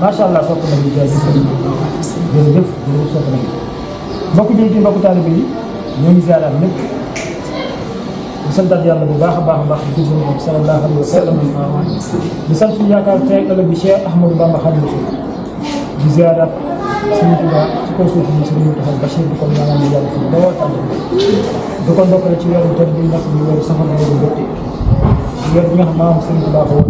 macha allah sopp na bi jaay sëriñ jërëjëf jërëjëf sopp na bi mbokk jullit yi mbokk taalibe yi ñoo ngi ziaraat lépp di santaat yàlla bu baax a baax a baax di gis moom sallallahu alayhi wa sallam di sant suñu yaakaar tey ëllëg bi Cheikh Ahmadou Bamba Xaadimu Rasuul di ziaraat suñu Tuubaa ci kaw suuf ñu suñu taxal Bachir di ko ñaanal yàlla fi dawal tànn di ko ndokkale ci weeru tëdd bi ndax ñu weeru safar weeru bëtti weer bi nga xam maam suñu Tuubaa ko woon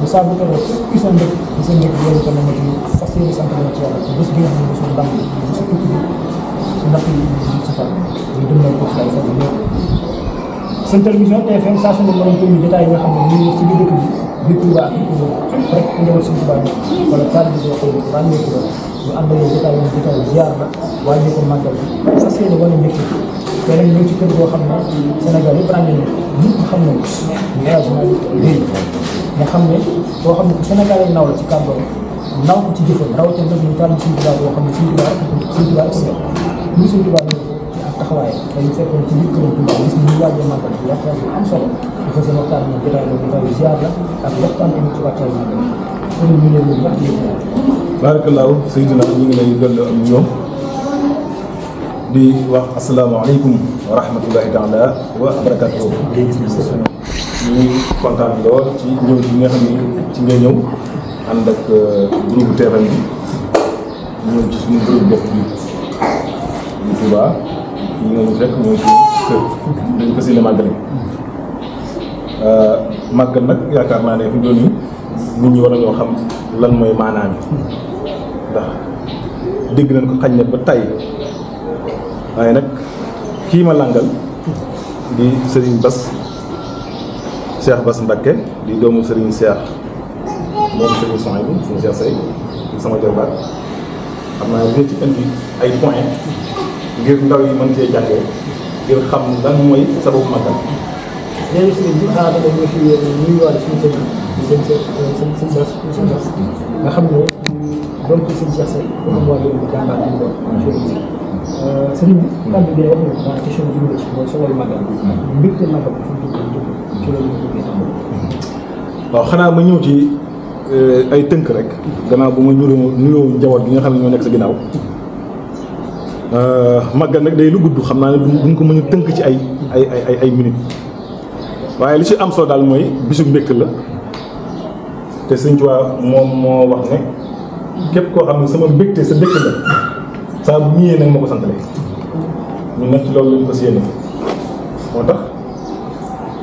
mais saa bu ko def ci sa mbëg ci sa mbëg loolu tamit ma ci fas yéene sant ma ci yàlla ci bés bi nga xam ne suñu ndam su tukki su natt yi si fan ñu dundal ko ci ay fan ñëw seen télévision TFM saa su ne mën nañ détail yi nga xam ne ñu ci biir dëkk bi biir Touba ak rek ku ñëwal suñu Touba bi wala taal bi doo xëy maa ngi ko ñu ànd ak détail yi détail ziar na wàññi ko màggal bi fas yéene wala mbégte te nag ñëw ci kër goo xam ne Sénégal yëpp ràññee ñëpp xam nañ ñu mais xam ne boo xam ne ku Sénégal yi naw la ci kàddoom naw ko ci jëfam rawatina nag ñu tànn suñu tubaab boo xam ne suñu tubaab suñu tubaab ko def ñu suñu tubaab ci ak taxawaay dañu fekkoon ci biir këram tubaab gis ñu waajee màggal bi waxtaan bu am solo dafa seen waxtaan moom jotaay la jotaay ziar la ak waxtaan tamit ci waxtaan màggal kon ñu leen leen wax yéen barakallahu Seydina ñu ngi lay dolli am ñoom di wax asalaamaaleykum wa rahmatullahi taala wa barakatuh ñu ngi kontaan lool ci ñëw gi nga xam ni ci nga ñëw ànd ak euh, groupe teeral bi ñëw bi ñu Touba ñu nga ñu fekk ñëw ci kër dañu ko seen màggale euh, màggal nag yaakaar naa ne fi doon yi nit xam lan mooy maanaam ndax dégg nañ ko xañ na ba tay waaye nag kii ma làngal di Serigne Bass Cheikh Bass Mbacké di doomu Serigne Cheikh moom Serigne Sonia bi Serigne Cheikh Seye di sama jarbaat xam naa dina ci indi ay point ngir ndaw yi mën cee jàngee ngir xam lan mooy sababu màggal. léegi Serigne bi xanaa dama ñu fi nuyuwaale suñu sëriñ seen seen euh, seen seen Bass nga xam ne doom ko Serigne Cheikh Seye bu am waa loolu jàmbaar bi ñu doon sëriñ bi. kàddu gi wax na question bi jublu ci mooy soxla yu màggal. mbégte màggal waaw xanaa ma ñëw ci euh, ay tënk rek gannaaw bu ma ñuroo nuyoo njaboot gi nga xam ne ñoo nekk sa ginnaaw euh, màggal nag day lu gudd xam naa ne duñ ko ma a tënk ci ay ay ay ay minutes waaye li si am solo daal mooy bisu mbékk la te Sëñ Tuubaa moom moo wax ne képp koo xam ne sama mbégte sa dëkk la saa bu ñëwee nag ma ko santale ñu nekk ci loolu lañ ko séenee moo tax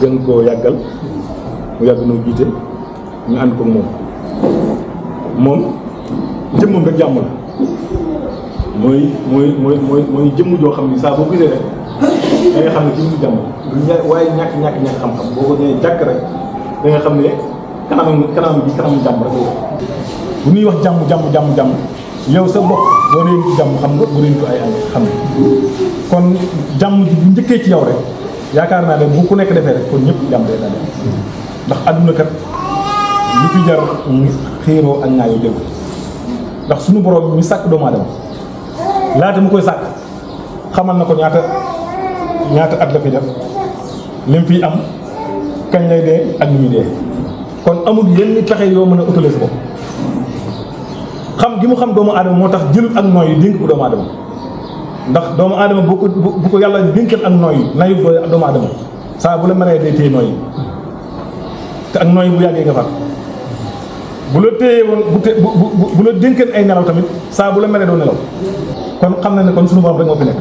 gën koo yàggal mu yàgg noo jiite ñu ànd ko moom moom jëmmam rek jàmm la mooy mooy mooy mooy jëmm joo xam ne saa boo gisee rek ne jëmm waaye ñàkk ñàkk ñàkk xam rek nga xam ne kanam kanam bi kanam jàmm rek bu ñuy wax jàmm jàmm jàmm jàmm yow sa bopp boo nee jàmm xam nga kon jàmm ji bu njëkkee ci yow rek yaakaar naa ne bu ku nekk defee rek kon ñëpp jàmm day dal ndax àdduna kat li fi jar xiiroo ak ñaayoo jël ndax suñu borom mi sàkk doomu aadama laata mu koy sàkk xamal na ko ñaata ñaata at la fi def lim fi am kañ lay dee ak ni muy dee kon amul yenn pexe yoo mën a utiliser ko xam gi mu xam doomu aadama moo tax jël ak nooy dénk ko doomu aadama ndax doomu aadama bu ko bu ko yàlla dénkat ak nooy nayu dooy doomu aadama saa bu la maree day téye nooy te ak nooy bu yàggee nga far bu la téye woon bu te bu la dénkat ay nelaw tamit saa bu la maree doo nelaw kon xam na ne kon suñu borom rek moo fi nekk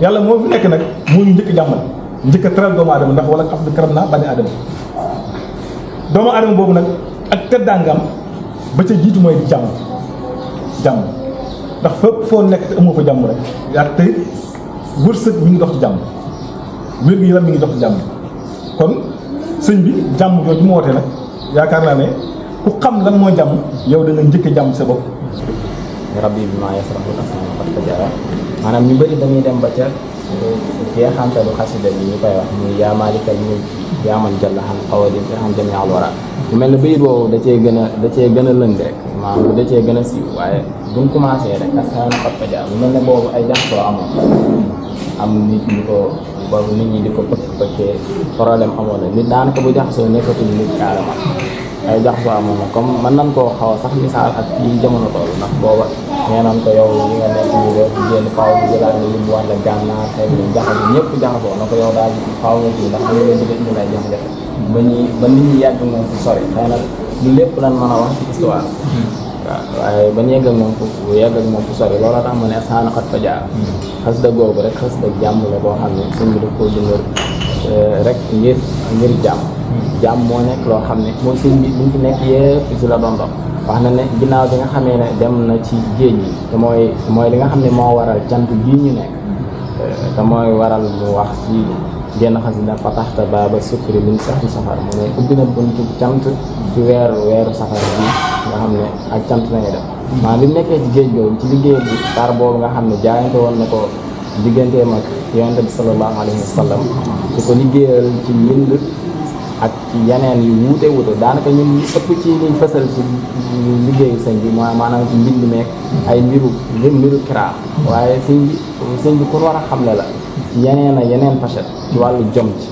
yàlla moo fi nekk nag moo ñu njëkk jàmmal njëkk a teral doomu aadama ndax wala af di karam naa bani aadama doomu aadama boobu nag ak teddaangam ba ca jiitu mooy jàmm jàmm ndax fépp foo nekk te amoo fa jàmm rek yaag tey wërsëg bi ngi dox ci jàmm wér gi yaram mi ngi dox ci jàmm kon sëñ bi jàmm jooju mu woote nag yaakaar naa ne ku xam lan mooy jàmm yow da njëkk jàmm sa bopp rabbi bi maa yasrahu asana maanaam ñu bëri dañuy dem ba ca jeexantalu xasida bi ñu koy wax muy yaa maalikal yaa man jàll xam xawadi fi xam jamee alwara bu mel ne bayit boobu da cee gën a da cee gën a lëng rek da cee gën a siiw waaye buñ commencé rek asaana xat faja bu mel ne boobu ay jaxasoo amoon nit ñi ko ba nit ñi di ko pëkk pëkkee problème amoon na nit daanaka bu jaxasoo nekkatul nit carrément ay jaxasoo amoon comme mën nañ koo xaw a sax misaal ak yi jamono toll ndax booba neenaan ko yow li nga nekk nii rek nga yóbbu wàll na na ko yow daal faaw nga kii ndax xam nga leen di indi lay jafe-jafe nit ñi yàgg moom fu sori xëy na a wax ci histoire waaw ba ñu yegg ak moom foofu yegg ak moom ma ne saana xat fa jaar xas da googu rek xas da jàmm la boo xam ne suñ koo dundal euh, rek ngir ngir jàmm jàmm moo nekk loo xam ne mooy sëñ bi nekk yëpp si la doon wax na ne ginnaaw bi nga xamee ne dem na ci géej gi te mooy mooy li nga xam ne moo waral cant bii ñu nekk euh, te mooy waral mu wax ci genn xasida fataxta baaba sukri min sahri safar mu ne ubbi na buntu cant ci weeru weeru safar bi nga xam ne ak cant nañu def maa bi nekkee ci géej googu ci liggéey bi tar boobu nga xam ne jaayante woon na ko digganteem ak yonente bi sallallahu alayhi wa sallam ko liggéeyal ci mbind ak ci yeneen yu wuute wuute daanaka ñun li ëpp ci liñ fësal ci liggéeyu sëñ bi ma maanaam ci mbind meek ay mbiru mbiru kiraar waaye sëñ bi sëñ bi kon war a xam xamle la yeneen a yeneen facette ci wàllu jom ci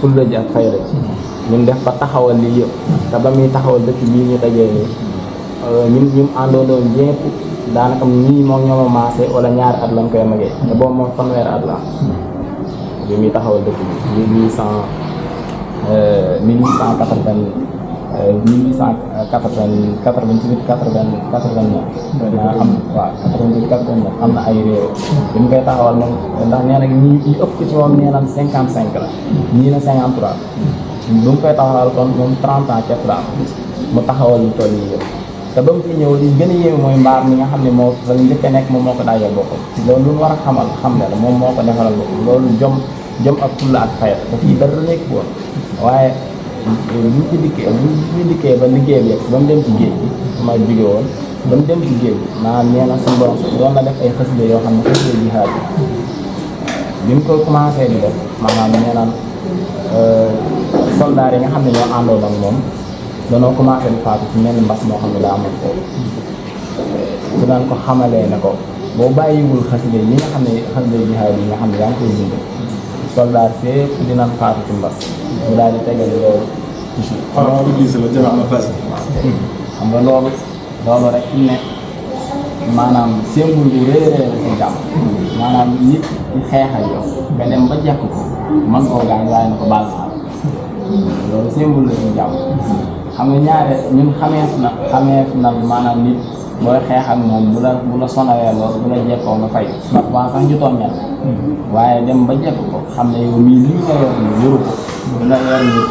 fulla ji ak fayda ji ñun def ba taxawal lii yëpp te ba muy taxawal dëkk bii ñu dajee nii euh, ñun ñu àndoondoon yëpp daanaka ñii moom ñoo ma maase wala ñaari at lañ koy magee te boobu moom fanweeri at la bi muy taxawal dëkk bi mille huit cent 1880 1888 88 89 89 am waaw 88 89 am na ay réew bi mu koy taxawal moom ndax nee na ñi ñi ëpp ci moom nee naan 55 la ñii mu taxawal kon moom 30 ans képp la mu taxawal lu toll te ba mu fi ñëw li gën a yéeme mooy mbaar mi nga xam ne moo fa njëkk a nekk moom moo ko daajal boppam loolu lu war a xamal xam ne la moom moo ko defaral boppam loolu jom jom ak fulla ak fayda te fii dara nekk woon waaye buñ ci dikkee buñ ci dikkee ba liggéey bi yegg ba dem ci géej gi ma ba mu dem liggéey géej gi maanaam nee def ay xasida yoo xam ne xasida jihaad bi bi mu ko commencé di def maanaam nee naan euh, soldaar yi nga xam ne ñoo àndoon ak moom danoo commencé di faatu ci mel ni mbas moo xam ne daa amoon foofu su daan ko xamalee ne ko boo bàyyiwul xasida yi nga xam ne xasida jihaad yi nga xam ne daa koy dund soldaat fee ku di naan faatu ci mbas mu daal di tegale loolu toujours xaram iblis loolu loolu rek fi maanaam symbole bu rëy rëy la si jàmm maanaam nit di xeexal yow nga dem ba jekk man koo gaañ waaye na baal naa loolu symbole la si xam ñaare ñun xameef na xameef na maanaam nit booy xeex ak moom bu la bu la sonalee lool bu la jekkoo nga fay parfois sax ñu tooñal hmm. waaye dem ba jekk ko xam ne yow mii li nga yor yoru ko bu hmm. la yor nii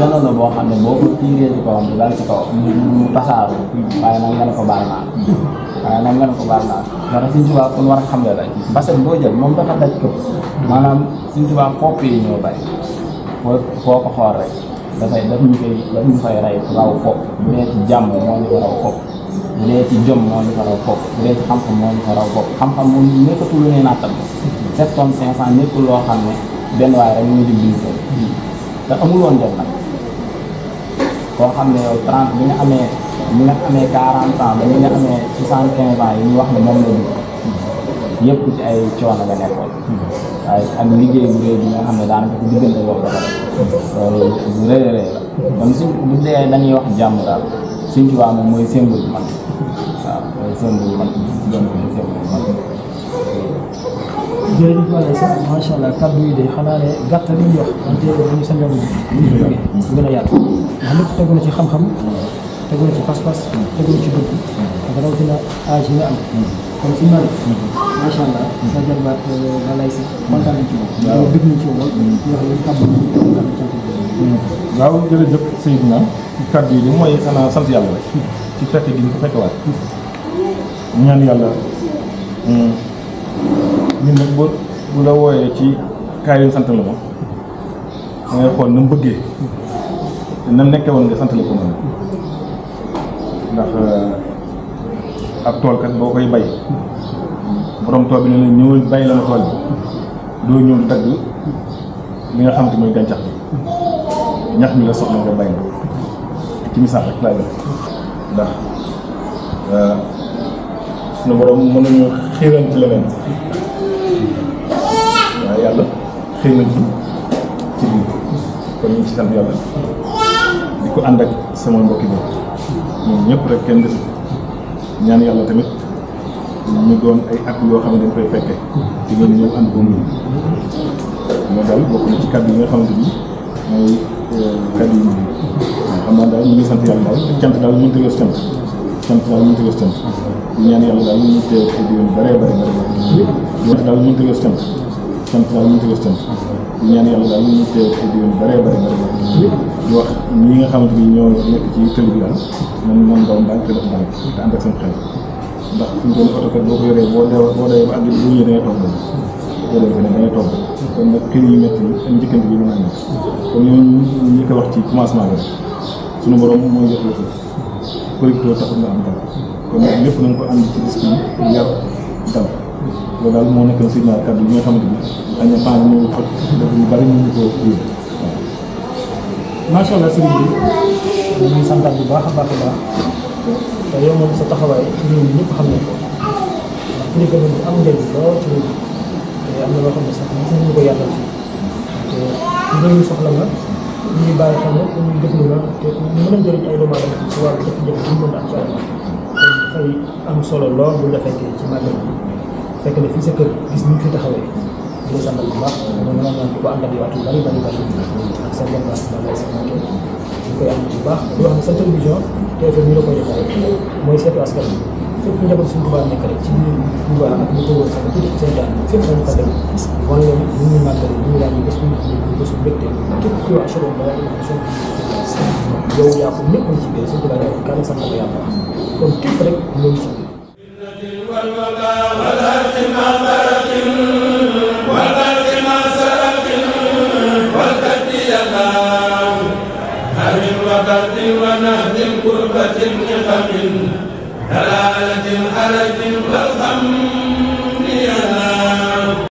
ne boo ko tiiree ci kawam du dal ci kaw hmm. mu tasaaru waaye nag nga ne ko baal naa waaye nag nga ne ko baal war a xam ne la basal boo jël moom dafa daj ko maanaam Sëñ Tuubaa fopp yi ñoo bari foo foo ko xool rek dafay daf ñu koy daf ñu koy rey raw fopp bu dee ci jàmm moo ñu ko fopp bu dee ci jom moo ñu ko raw bopp bu dee ci xam-xam moo ñu ko raw bopp xam-xam moom nekkatu lu ne nattam sept tonnes cinq cent nekkul loo xam ne benn waaye rek ñu ngi bind ko te amul woon jom nag koo xam ne yow trente bi nga amee bi nga amee quarante ans ba ñu nga amee soixante quinze ans yi ñu wax ne moom la dugg yëpp ci ay coono nga nekkoon waaye ak liggéey bu rëy bi nga xam ne daanaka ko diggante boobu dafa loolu bu rëy rëy la kon suñ bu dee dañuy wax jàmm daal suñ ci waa moom mooy symbole bi man waaw loolu seen bu sax macha allah kàddu yi de xanaa ne gàtt li ñu wax wante dañu sa njaboot bi. ñu jógee gën a yaatu. ndax lépp tegu na ci xam-xam. tegu na ci pas-pas. tegu na ci dugg. ak rawatina âge yi nga am. kon fi mu ne macha allah. sa jàmbaat la lay si kontaan nañ ci moom. waaw dégg nañ ci moom. ñu wax leen kàddu yi waaw jërëjëf Seydina kàddu mooy xanaa sant yàlla rek. ci fekk gi ñu ko fekkewaat ñaan yàlla hmm, ñun nag bu la wooyee ci kaay yu sant la ma da xool na mu bëggee te na nekkee woon nga sant la ko moom ndax eh, ab toolkat boo koy bay borom tool bi ne la ñëwal bay la ma tool bi doo ñëw dagg li nga xam te gàncax bi ñax mi la soxla nga bay na ci misaal rek laay ndax euh, suñu borom mënuñu xiiral ci leneen waaye yàlla xëy na ci ci biir kon ñu ci sant yàlla di ko ànd ak sama mbokki boobu ñoom ñëpp rek kenn des ñaan yàlla tamit ñu doon ay at yoo xam ne dañ koy fekke di ngeen ñëw ànd ko moo daal bokk na ci kàddu yi nga xamante ni mooy euh, kàddu yi xam naa daal ñu ngi sant yàlla daal cant daal mënut a wees cant cant daal mënut a wees cant ñaan yàlla daal ñu teew ci diwén bëree bëri cant daal mënut a wees cant cant daal mënut a wees cant ñaan yàlla daal ñu teew ci diwén bëree bëri di wax ñi nga xamante ni ñoo nekk ci tël bi daal man man doon daal te def daal te ànd ak seen xel ndax fi mu toll nii oto kat boo ko yoree boo dee boo dee ba àgg bu ñëwee da ngay toog loolu boo dee ba ne da ngay toog kon nag kër yi métti yi ak njëkkante bi mën naa nekk kon ñooñu ñu ko wax ci commencement bi sunu borom mooy jox la ko producteur taxul nga am dal kon nag lépp nañ ko ànd ci risque yi yar dal loolu daal moo nekk si ñaar kàddu yi nga xamante ni dañ ne temps bi moo xot def ñu bari ñu ngi ko yëg waaw. macha allah sëriñ bi ñu ngi santaat bu baax a baax a baax te yow moom sa taxawaay ñun ñëpp xam nañ ko ndax kilifa bi am njëriñ lool ci réew mi te am na loo xam ne sax ñu ko yàlla ci te soxla nga. ñuy bàyyi xel rek ñuy def lu la te mën a jëriñ ay doomu aadama ci wàllu jafe-jafe bu mën a am dafay am solo lool bu la fekkee ci màggal bi fekk na fii sa kër gis ni fi taxawee di la sàmmal bu baax dama mën a naan ko ànd ak yow at yu bari bari bari ak sa jàmbaar ba lay sa manqué ñu koy am bu baax di wax ne sa télévision TFM ñu la koy defal mooy seetu askan bi fépp njaboot suñu Tuubaa nekk rek ci ñun Tuubaa ak ñu ko wër sax tuuti seen daan fépp dañu ko dem wan leen ñu ñu màggal ñu yaa ngi bés bu ñu xam bésu mbégte képp ku wax solo ba yow yaa ko nekkoon ci biir suñu Tuubaa nekk kan sax ko yaa kon képp rek loolu ci biir وبرد ونهد كربة نقم هلالة هلة والهم